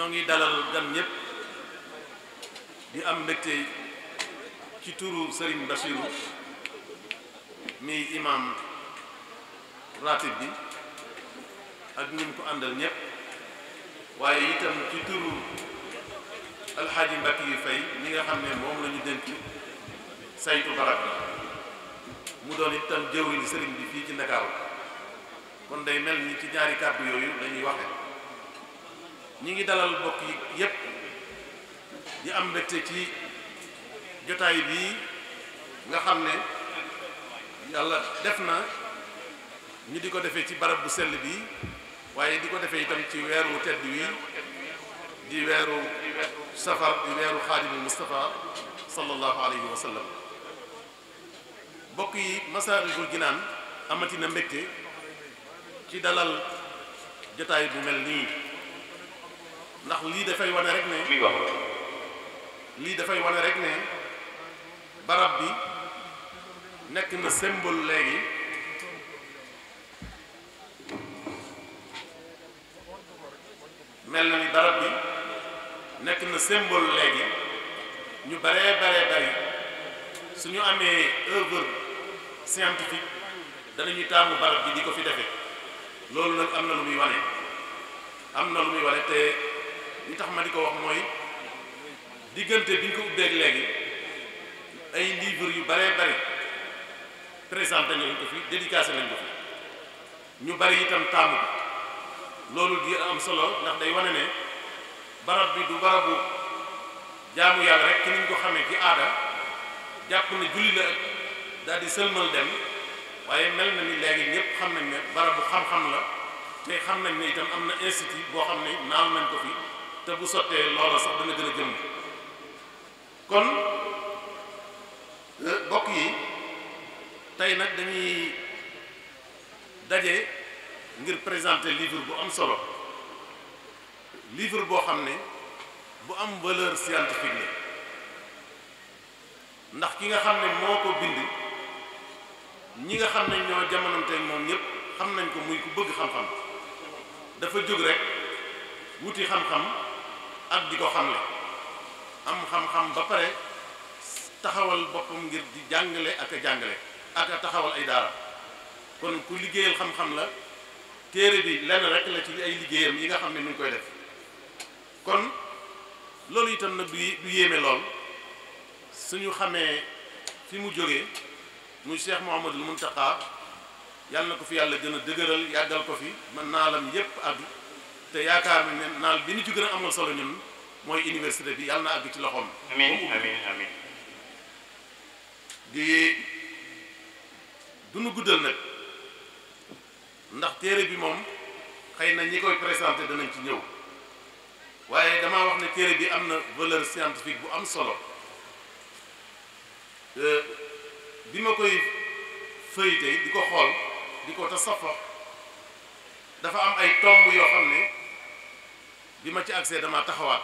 noo ngi dalal gan ñëpp di am mbégte ci turu Serigne Bassirou mi imam ratib bi ak ñi mu ko àndal ñëpp waaye itam ci turu alxaaji Mbàkke yi fay mi nga xam ne moom la denc dénk saytu barab mu doon itam jëwriñ Serigne bi fii ci Ndakaaru kon day mel ni ci ñaari kàddu yooyu lañuy ñuy waxe ñu ngi dalal bokk yi yépp di am mbégte ci jotaay bii nga xam ne yàlla def na ñu di ko defee ci barab bu sell bi waaye di ko defee itam ci weeru tedd wi di weeru safar di weeru xaadimu Mustafa sallallahu alayhi wa sallam yi Masaalikul Jinaan amati na mbégte ci dalal jotaay bu mel nii ndax lii dafay wane rek ne muy wax lii dafay wane rek ne barab bi nekk na symbole léegi mel na ni barab bi nekk na symbole léegi ñu bare baree bari ñu amee œuvre scientifique ñuy taamu barab bi di ko fi defee loolu nag am na lu muy wane am na lu muy wane te li tax ma di ko wax mooy diggante bi ñu ko ubbeeg léegi ay livres yu baree bari présenté nañ ko fi dédicacé nañ ko fi ñu bari itam taamu loolu di am solo ndax day wane ne barab bi du barabu jaamu yàlla rek ci niñ ko xamee ci aada jàpp ne julli la daal di sëlmal dem waaye mel na ni léegi ñëpp xam nañ ne barabu xam-xam la te xam nañ ne itam am na institut boo xam ne naaw nañ ko fi te bu sottee loola sax dana gën a jëm kon euh, bokk yi tey nag dañuy daje ngir présenter livre bu am solo livre boo xam ne bu am valeur scientifique la ndax ki nga xam ne moo ko bind ñi nga xam ne ñoo jamonante moom ñëpp xam nañ ko muy ku bëgg xam-xam dafa jóg rek wuti xam-xam ak di ko xam xamle am xam-xam ba pare taxawal boppam ngir di jàngale ak a jàngale ak a taxawal ay daara kon ku liggéeyal xam-xam la téere bi lenn rek la ci ay liggéeyam yi nga xam ne mu koy def kon loolu itam nag du du yéeme lool suñu xamee fi mu jógee muy Cheikh Mouhamadul Mountakha yàlla na ko fi yàlla gën a dëgëral yàggal ko fi mën naa lam yépp àddu te yaakaar nañ ne naal bi ñu ci gën a amal solo ñun mooy université bi yàlla na àgg ci loxoom. amiin amiin amiin di du nu guddal nag ndax téere bi moom xëy na ñi koy présenté danañ ci ñëw waaye dama wax ne téere bi am na valeur scientifique bu am solo bi ma koy feuilleté di ko xool di ko te tasafa dafa am ay tomb yoo xam ne. bi ma ci accès dama taxawaat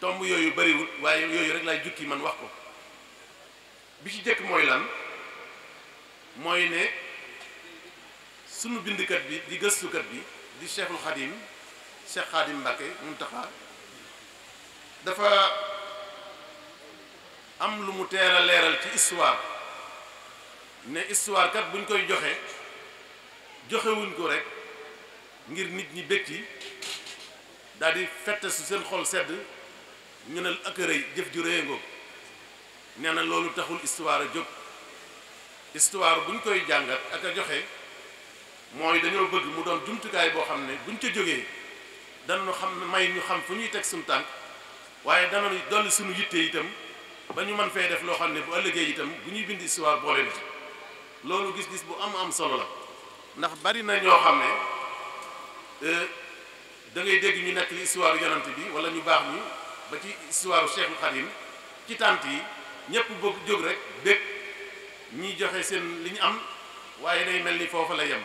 tomb yooyu bariwul waaye yooyu rek laay jukki man wax ko bi ci jëkk mooy lan mooy ne sunu bindkat bi di gëstukat bi di cheikhul xadim cheikh xadim Mbàkke Muntaxa dafa am lu mu teel a leeral ci histoire ne histoire kat buñ koy joxe joxewuñ ko rek ngir nit ñi bëkki daal di fette su seen xol sedd ñu ne ak rëy jëf ju rëy ngoog nee na loolu taxul histoire a jóg histoire bu ñu koy jàngat ak a joxe mooy dañoo bëgg mu doon jumtukaay boo xam ne buñ ca jógee danañu xam ne may ñu xam fu ñuy teg suñu tànk waaye danañu dolli suñu yitte itam ba ñu mën fee def loo xam ne bu ëllëgee itam bu ñuy bind histoire boole na loolu gis-gis bu am am solo la ndax bari na ñoo xam ne euh, da ngay dégg ñu nekk li histoire yonent bi wala ñu baax ñu ba ci histoire Cheikhul Khadim ci tànt yi ñëpp bëgg jóg rek dégg ñiy joxe seen li am waaye day mel ni foofu la yem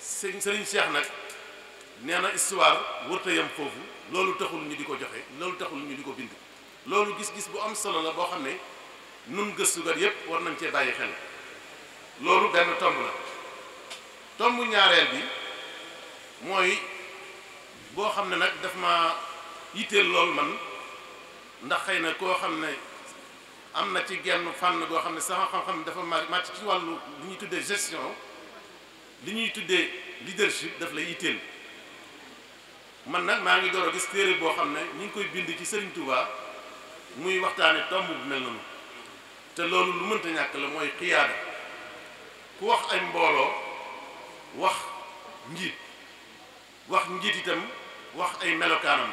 sëñ sëriñ Cheikh nag nee na histoire wërta yem foofu loolu taxul ñu di ko joxe loolu taxul ñu di ko bind loolu gis-gis bu am solo la boo xam ne nun gëstukat yépp war nañ cee bàyyi xel loolu benn tomb la tomb ñaareel bi mooy boo xam ne nag daf ma yitteel loolu man ndax xëy na koo xam ne am na ci genn fànn goo xam ne sama xam-xam dafa màcc ci wàllu li ñuy tuddee gestion li ñuy tuddee leadership daf lay yitteel man nag maa ngi door a gis téere boo xam ne ñu ngi koy bind ci Serigne Touba muy waxtaane tomb bu mel te loolu lu mënta ñàkk la mooy xiyaada ku wax ay mbooloo wax njiit wax njiit itam wax ay melokaanam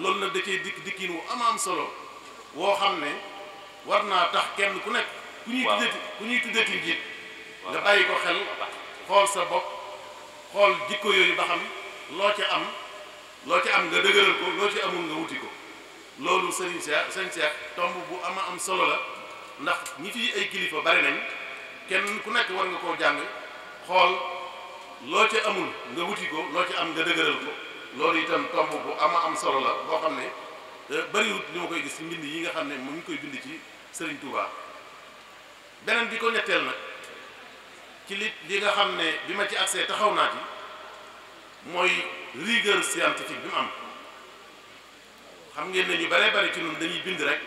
loolu na da cee dikk dikkin wu am am solo woo xam ne war naa tax kenn ku nekk ku ñuy tuddati ku ñuy tuddati njiit nga bàyyi ko xel xool sa bopp xool jikko yooyu ba xam loo ca am loo ca am nga dëgëral ko loo amul nga wuti ko loolu sëriñ Cheikh sëriñ Cheikh tomb bu am solo la ndax ñi fi ay kilifa bari nañ kenn ku nekk war koo jàng xool loo ca amul nga wuti ko loo ca am nga dëgëral ko loolu itam tomb bu ama am solo la boo xam ne euh, bëriwut li ma koy gis ci mbind yi nga xam ne mu ngi koy bind ci Serigne Touba beneen bi ko ñetteel nag ci li li nga xam ne bi ma ci accès taxaw naa ci mooy rigueur scientifique bi mu am xam ngeen ne ñu bare bari ci ñun dañuy bind rek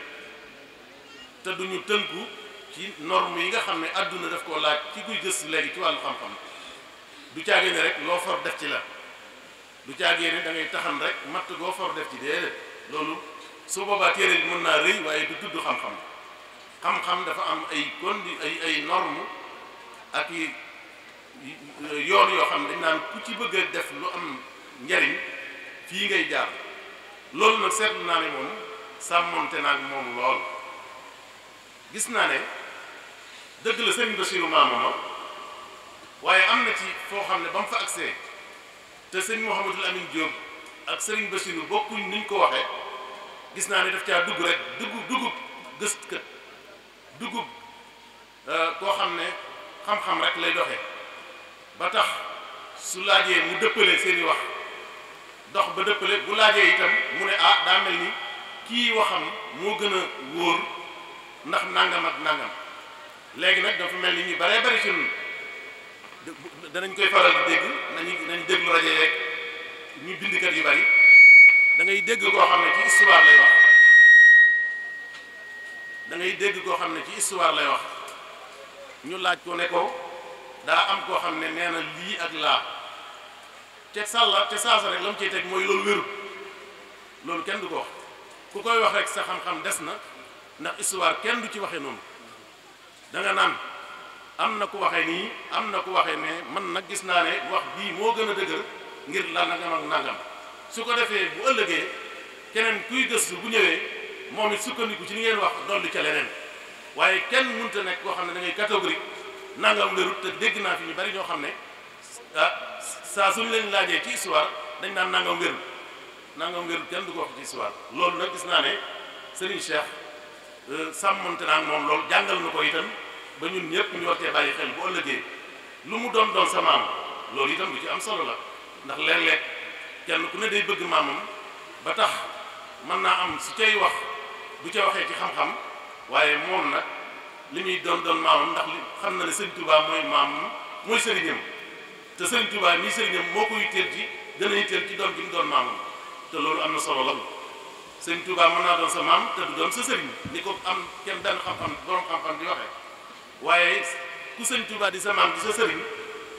te duñu tënku ci norme yi nga xam ne àdduna def koo laaj ci kuy gës léegi ci wàllu xam-xam du caage ne rek loo for def ci la du caagee ne da ngay taxan rek matt goo for def ci déedéet loolu su boobaa téere bi mën naa rëy waaye du tudd xam-xam xam-xam dafa am ay condi ay ay norme ak i yoon yoo xam dañ naan ku ci bëgg def lu am njariñ fii ngay jaar loolu nag seetlu naa ne moom sàmmonte naa moom lool gis naa ne dëgg la sëriñ Basiru maamama waaye am na ci foo xam ne ba mu fa agsee te sëñ Mouhamadul Amin Diop ak sëriñ Bassirou bokkuñ niñ ko waxee gis naa ne def caa dugg rek dugub dugub gëst kët dugub euh, koo xam ne xam-xam rek lay doxe ba tax su laajee mu dëppale seeni wax dox ba dëppale bu laajee itam mu ne ah daa mel ni kii waxam moo gën a wóor ndax nangam ak nangam léegi nag dafa mel ni ñu baree bari ci danañ koy faral di dégg nañu nañu déglu rajo yeeg ñu bindkat yu bari da ngay dégg koo xam ne ci histoire lay wax dangay dégg koo xam ne ci histoire lay wax ñu laaj ko ne daa am koo xam ne nee na lii ak laa te sàlla te saasa rek la mu ciy teg mooy loolu wérul loolu kenn du ko wax ku koy wax rek sa xam-xam des na ndax histoire kenn du ci waxe noonu da naan am na ku waxee nii am na ku waxe ne man nag gis naa ne wax bii moo gën a dëgër ngir la nangam ak nangam su ko defee bu ëllëgee keneen kuy gëstu bu ñëwee moom it sukkandiku ci li ngeen wax dolli ca leneen waaye kenn mënta nekk koo xam ne da ngay catégorique nangam wérut te dégg naa fi ñu bari ñoo xam ne ah saa suñ leen laajee ci histoire dañ naan nangam wérut nangam wérut kenn du ko wax ci histoire loolu nag gis naa ne Serigne Cheikh euh, sàmmonte naa moom loolu jàngal na ko itam. ba ñun ñëpp ñu war bàyyi xel bu ëllëgee lu mu doon doon sa maam loolu itam lu ci am solo la ndax léeg-léeg kenn ku ne day bëgg maamam ba tax mën naa am su cay wax bu ca waxee ci xam-xam waaye moom nag li muy doon doon maamam ndax li xam na ne sëñ Touba mooy maamam mooy sëriñam te sëñ Touba mii sëriñam moo ko yitteel ci gën a yitteel ci doon bi mu doon maamam te loolu am na solo la sëñ Touba mën naa doon sa maam te du doon sa sëriñ ni ko am kenn daan xam-xam borom xam waaye ku sëñ Touba di sa maam di sa sëriñ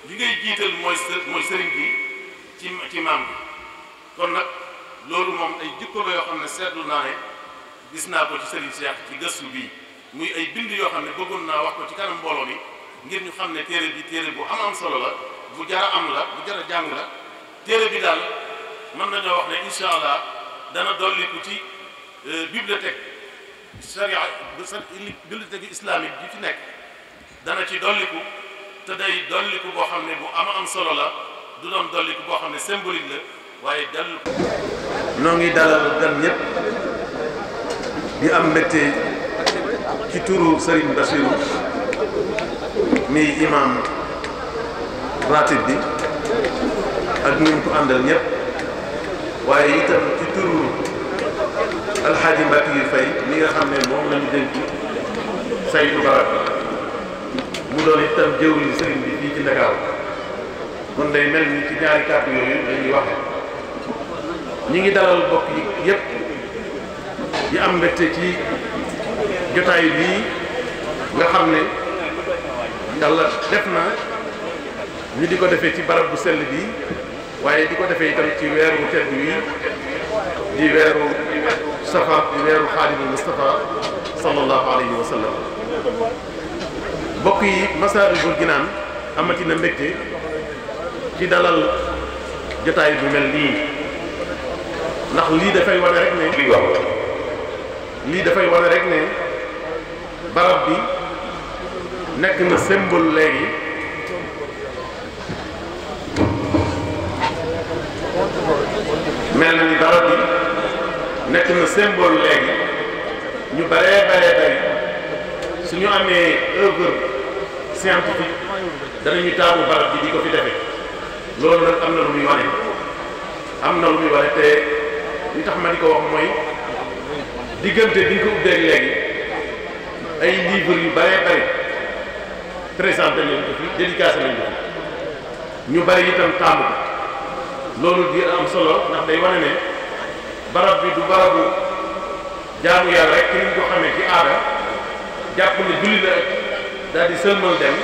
li ngay jiital mooy mooy sëriñ bi ci ci maam bi kon nag loolu moom ay jikko la yoo xam ne seetlu naa ne gis naa ko ci sëriñ Cheikh ci gëstu bi muy ay bind yoo xam ne bëggoon naa wax ko ci kanam mbooloo mi ngir ñu xam ne téere bi téere bu am am solo la bu jara am la mu jara jàng la téere bi daal mën nañoo wax ne incha allah dana dolliku ci euh, bibliothèque charia bibliothèque islamique bi ci nekk dana ci dolliku te day dolliku boo xam ne bu am am solo la du doon dolliku boo xam ne symbolique la waaye dolliku noo ngi dalal gan ñëpp di am mbégte ci turu Serigne Bassirou mi imam ratib bi ak ñu ko àndal ñëpp waaye itam ci turu alxaaji Mbacke yu fay mi nga xam ne moom lañu dénk saytu barab mu doon itam jëwriñ sëriñ bi fii ci Ndakaaru kon day mel ni ci ñaari kàddu yooyu dañuy waxe ñi ngi dalal bokk yi yépp yi am mbégte ci jotaay bii nga xam ne yàlla def na ñu di ko defee ci barab bu sell bi waaye di ko defee itam ci weeru tedd wi di weeru safa di weeru xaadimu Mustafa sallallahu alayhi wa mbokk yi Masaalikul naan amati na mbégte ci dalal jataay bu mel nii ndax lii dafay wane rek ne lii wax lii rek ne barab bi nekk na symbole léegi mel na ni barab bi nekk na symbole léegi ñu baree baree bari su ñu amee œuvre scientifique danañu taamu barab bi di ko fi defee loolu nag am na lu muy am na luy muy wane te li tax ma di ko wax mooy diggante bi ñu ko ubbee léegi ay livres yu bëree bëri présenté nañ ko fi dédicacé nañ ko fi ñu bëri itam taamu ko loolu di am solo ndax day wane ne barab bi du barabu jaamu yàlla rek te ñu xamee ci aada jàpp ne julli la daal di sëlmal dem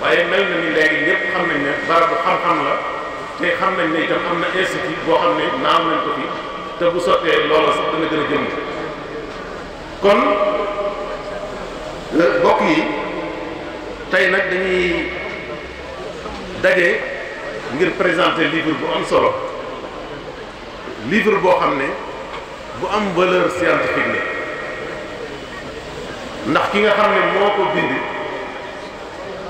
waaye mel na ni léegi ñëpp xam nañ ne barabu xam-xam la te xam nañ ne itam am na institut boo xam ne naam nañ ko fi te bu sottee loola sax dana gën a jëm kon euh, bokk yi tey nag dañuy daje ngir présenter livre bu am solo livre boo xam ne bu am valeur scientifique la ndax ki nga xam ne moo ko bind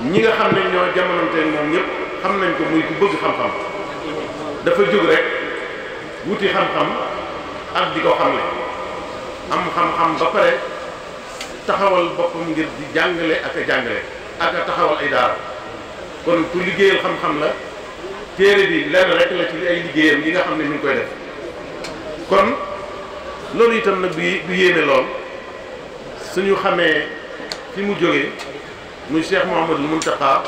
ñi nga xam ne ñoo jamononteen moom ñëpp xam nañ ko muy ku bëgg xam-xam dafa jóg rek wuti xam-xam ak di ko xamle am xam-xam ba pare taxawal boppam ngir di jàngale ak a jàngale ak a taxawal ay daara kon ku liggéeyal xam-xam la téere bi lenn rek la ci ay liggéeyam yi nga xam ne mi ngi koy def kon loolu itam nag du yéene lool ñu xamee fi mu jógee muy Cheikh Mouhamadul Mountakha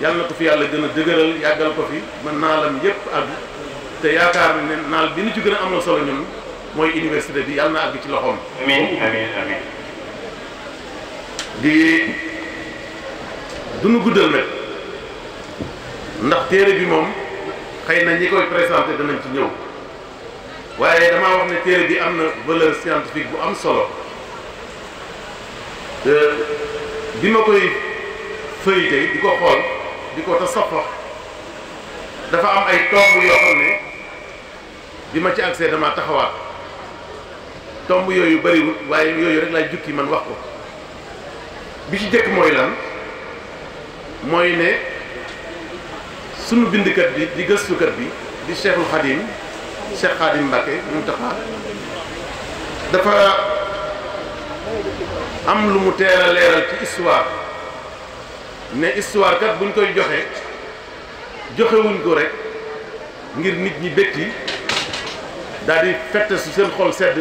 yàlla na ko fi yàlla gën a dëgëral yàggal ko fi man naalam yépp àgg te yaakaar ne naal bi nu ci gën a am na solo ñun mooy université bi yàlla na àgg ci loxoom. amiin amiin amiin di duñu guddal nag ndax téere bi moom xëy na ñi koy présenté danañ ci ñëw waaye damaa wax ne téere bi am na valeur scientifique bu am solo. bi ma koy fëyite di ko xool di ko tasappax dafa am ay tomb yoo xam ne bi ma ci accès dama taxawaat tomb yooyu bëriwul waaye yooyu rek laay jukki man wax ko bi ci jëkk mooy lan mooy ne sunu bindkat bi di gëstukat bi di Cheikhul Khadim Cheikh Khadim Mbacké Mountakha dafa am lu mu teel a leeral ci histoire ne histoire kat buñ koy joxe joxewuñ ko rek ngir nit ñi bétti daal di fett su seen xol sedd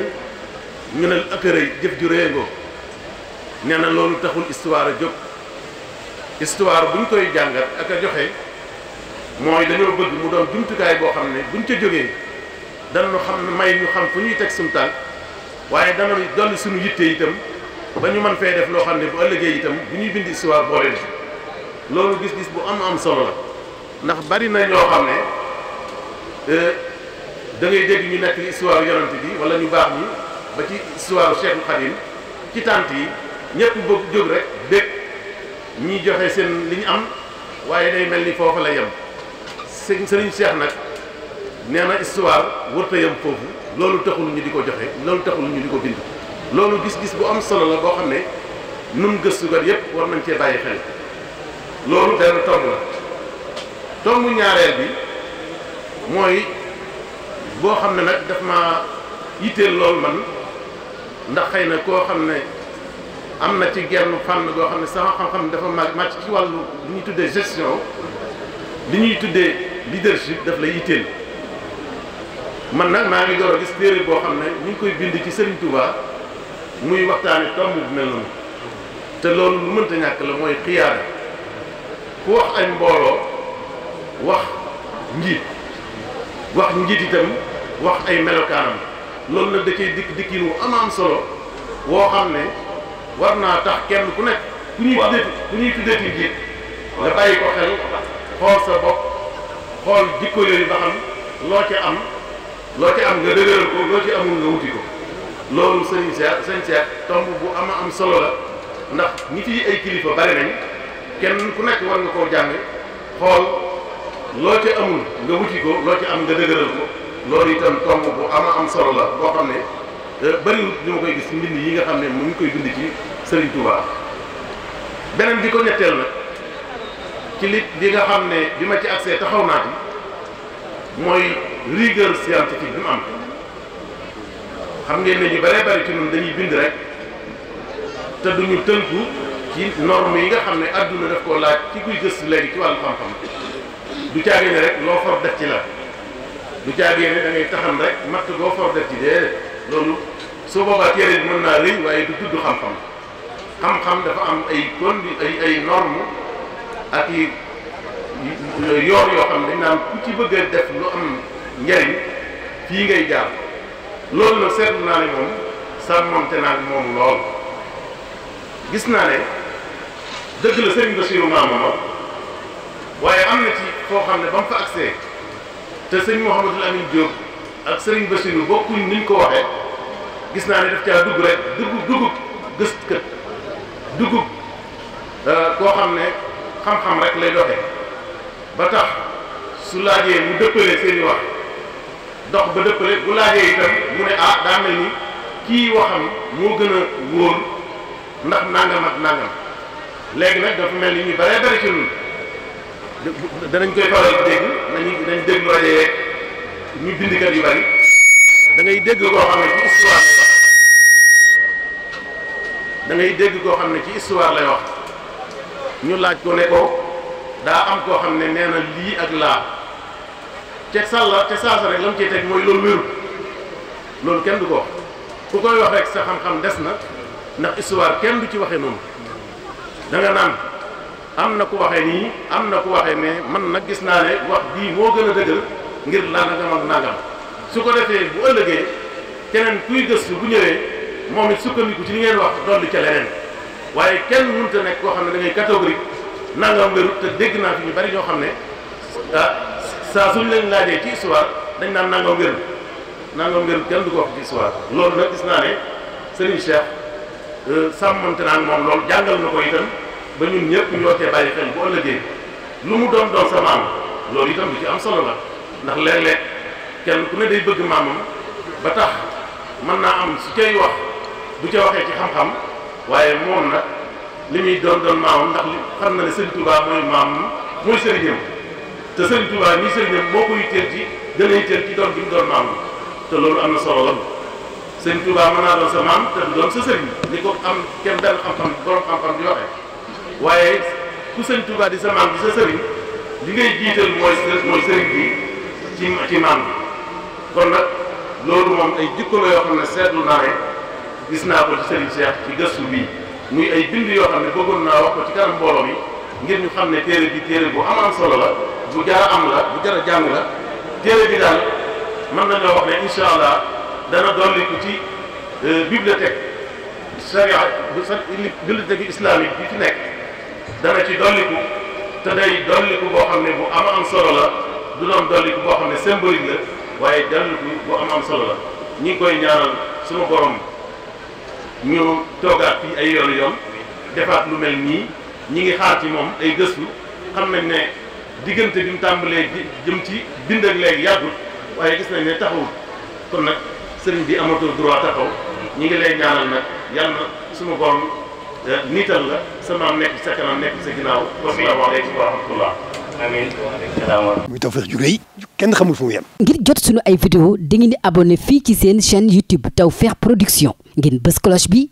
ñu ne ak rëy jëf ju rëy ngoo nee na loolu taxul histoire a jóg histoire buñ koy jàngat ak a joxe mooy dañoo bëgg mu doon jumtukaay boo xam ne bu buñ ca jógee danañu xam ne may ñu xam fu ñuy teg suñu tànk waaye dana dolli suñu yitte itam ba ñu mën fee def loo xam ne bu ëllëgee itam bu ñuy bind histoire boole bi loolu gis-gis bu am am solo la ndax bari na ñoo xam ne euh, da ngay dégg ñu nekk histoire yonent bi wala ñu baax ñi ba ci histoire Cheikh Khadim ci tànt yi ñëpp bëgg jóg rek dégg ñi joxe seen li ñu am waaye day mel ni foofa la yem sëñ sëriñ Cheikh nag nee na histoire wërta yem foofu loolu taxul ñu di ko joxe loolu taxul ñu di ko bind loolu gis-gis bu am solo la boo xam ne nun gëstukat yépp war nañ cee bàyyi xel loolu benn tomb la tomb ñaareel bi mooy boo xam ne nag daf ma yitteel loolu man ndax xëy na koo xam ne am na ci genn fànn goo xam ne sama xam-xam dafa màcc màcc ci wàllu li ñuy tuddee gestion li ñuy tuddee leadership daf lay yitteel man nag maa ngi door a gis téere boo xam ne ñu ngi koy bind ci Serigne Touba muy waxtaane tomb bu mel noonu te loolu lu mënta ñàkk la mooy xiyaara ku wax ay mbooloo wax njiit wax njiit itam wax ay melokaanam loolu la da cay dikk dikkin wu am am solo woo xam ne war naa tax kenn ku nekk ku ñuy tuddee ku ñuy tuddee ci njiit nga bàyyi ko xel xool sa bopp xool jikko yooyu ba loo ca am loo ca am nga dëgëral ko loo ci amul nga wuti ko loolu sëriñ Cheikh sëriñ tomb bu ama am solo la ndax ñi fi ay kilifa bari nañ kenn ku nekk war nga koo jàng xool loo ci amul nga wuti ko loo ci am nga dëgëral ko loolu itam tomb bu ama am solo la boo xam ne e, bëriwut li ma koy gis mbind yi nga xam ne mu ngi koy bind ci sëriñ Touba beneen bi ko ñetteel nag ci li li nga xam ne bi ma ci accès taxaw naa ci mooy rigueur scientifique bi mu am xam ngeen ne ñu bëree bëri ci ñun dañuy bind rek te duñu tënku ci norme yi nga xam ne adduna def koo laaj ci kuy gëstu léegi ci wàllu xam-xam du caagee ne rek loo for def ci la du caagee ne da ngay taxam rek matt boo for def ci déedéet loolu soo boobaa téere mën naa rëy waaye du tudd xam-xam xam-xam dafa am ay condi ay ay norme ak i yoor yoo xam ne dañ naan ku ci bëgg a def lu am njariñ fii ngay jaar loolu nag seetlu naa ne moom sàmmante naa ak moom lool gis naa ne dëgg la sëriñ Basiru maama waaye am na ci foo xam ne ba mu fa agsee te sëñ Mouhamadul Amin Diop ak sëriñ Basiru bokkuñ ni ko waxe gis naa ne daf caa dugg rek dugg dugub gëstu kët euh, koo xam ne xam-xam rek lay doxee ba tax su laajee mu dëppalee seen wax. dox ba dëppale bu laajee itam mu ne ah daa mel kii waxam moo gën a wóor ndax nangam ak nangam léegi nag dafa mel ni ñu bëree bëri ci ñun danañ koy faral di dégg nañu nañ déglu rajo ñu bindikat yi bëri dangay ngay dégg koo xam ne ci histoire da ngay dégg koo xam ne ci histoire lay wax ñu laaj ko ne ko daa am koo xam ne nee na lii ak laa. teg sàlla te saasa rek lam ciy teg mooy loolu wérul loolu kenn du ko wax ku koy wax rek sa xam-xam des na ndax histoire kenn du ci waxee noonu da nga naan am na ku waxe nii am na ku waxee ne mën na gis naa ne wax bii moo gën a dëgër ngir laa nagam ak nagam su ko defee bu ëllëgee keneen kuy gëstu bu ñëwee moom it sukkandiku ci li ngeen wax dolli ca leneen waaye kenn mënut a nekk koo xam ne da ngay catégorique nangam wérut te dégg naa fi ñu bari ñoo xam ne ah saa suñ leen laajee ci histoire dañ naan nangam wér nangam wér kenn du ko wax ci histoire loolu nag gis naa ne Serigne Cheikh euh, sàmmante naan moom loolu jàngal na ko itam ba ñun ñëpp ñoo tee bàyyi xel bu ëllëgee lu mu doon doon sa maam loolu itam lu ci am solo la ndax léeg-léeg kenn ku ne day bëgg maamam ba tax mën naa am su cay wax du ca waxee ci xam-xam waaye moom nag li muy doon doon maamam ndax li xam na ne Serigne Touba mooy maam mooy te sëñ Tuubaa ñi sëriñam moo ko yitteel ci gën a yitteel ci doon gi mu doon maam te loolu am na solo lool sëñ Tuubaa mën naa doon sa maam te du doon sa sëriñ ni ko am kenn benn xam-xam borom xam-xam di waxee waaye ku sëñ Tuubaa di sa maam di sa sëriñ li ngay jiital mooy mooy sëriñ bi ci ci maam bi kon nag loolu moom ay jikko la yoo xam ne seetlu naa ne gis naa ko ci sëriñ Cheikh ci gëstu bii muy ay bind yoo xam ne bëggoon naa wax ko ci kanam mbooloo bi téere am am solo la bu jar am la bu jar a jàng la téere bi daal mën nañoo wax ne incha allah dana dolliku ci euh, bibliothèque sharia bu sa bibliothèque islamique bi ci nekk dana ci dolliku te day dolliku boo xam ne bu am am solo la du doon dolliku boo xam ne symbolique la waaye dolliku bu am am solo la ñi ngi koy ñaanal suma borom ñu toogaat fii ay yoonu yoon defaat lu mel nii ñi ngi xaar ci moom ay gëstu xam nañ ne. diggante bi mu tàmbalee jëm ci bind léegi yàggut waaye gis nañ ne taxawul kon nag sëriñ bi amatul droit taxaw ñi ngi lay ñaanal nag yàlla suma borom eh, niital la sa nekk sa kanam nekk sa ginnaaw. wasalaamaaleykum wa rahmatullah. amiin muy tawfeex ju kenn xamul fu mu ngir jot suñu ay vidéo dangeen di abonné fii ci seen chaîne YouTube Tawfekh Production ngeen bës cloche bi.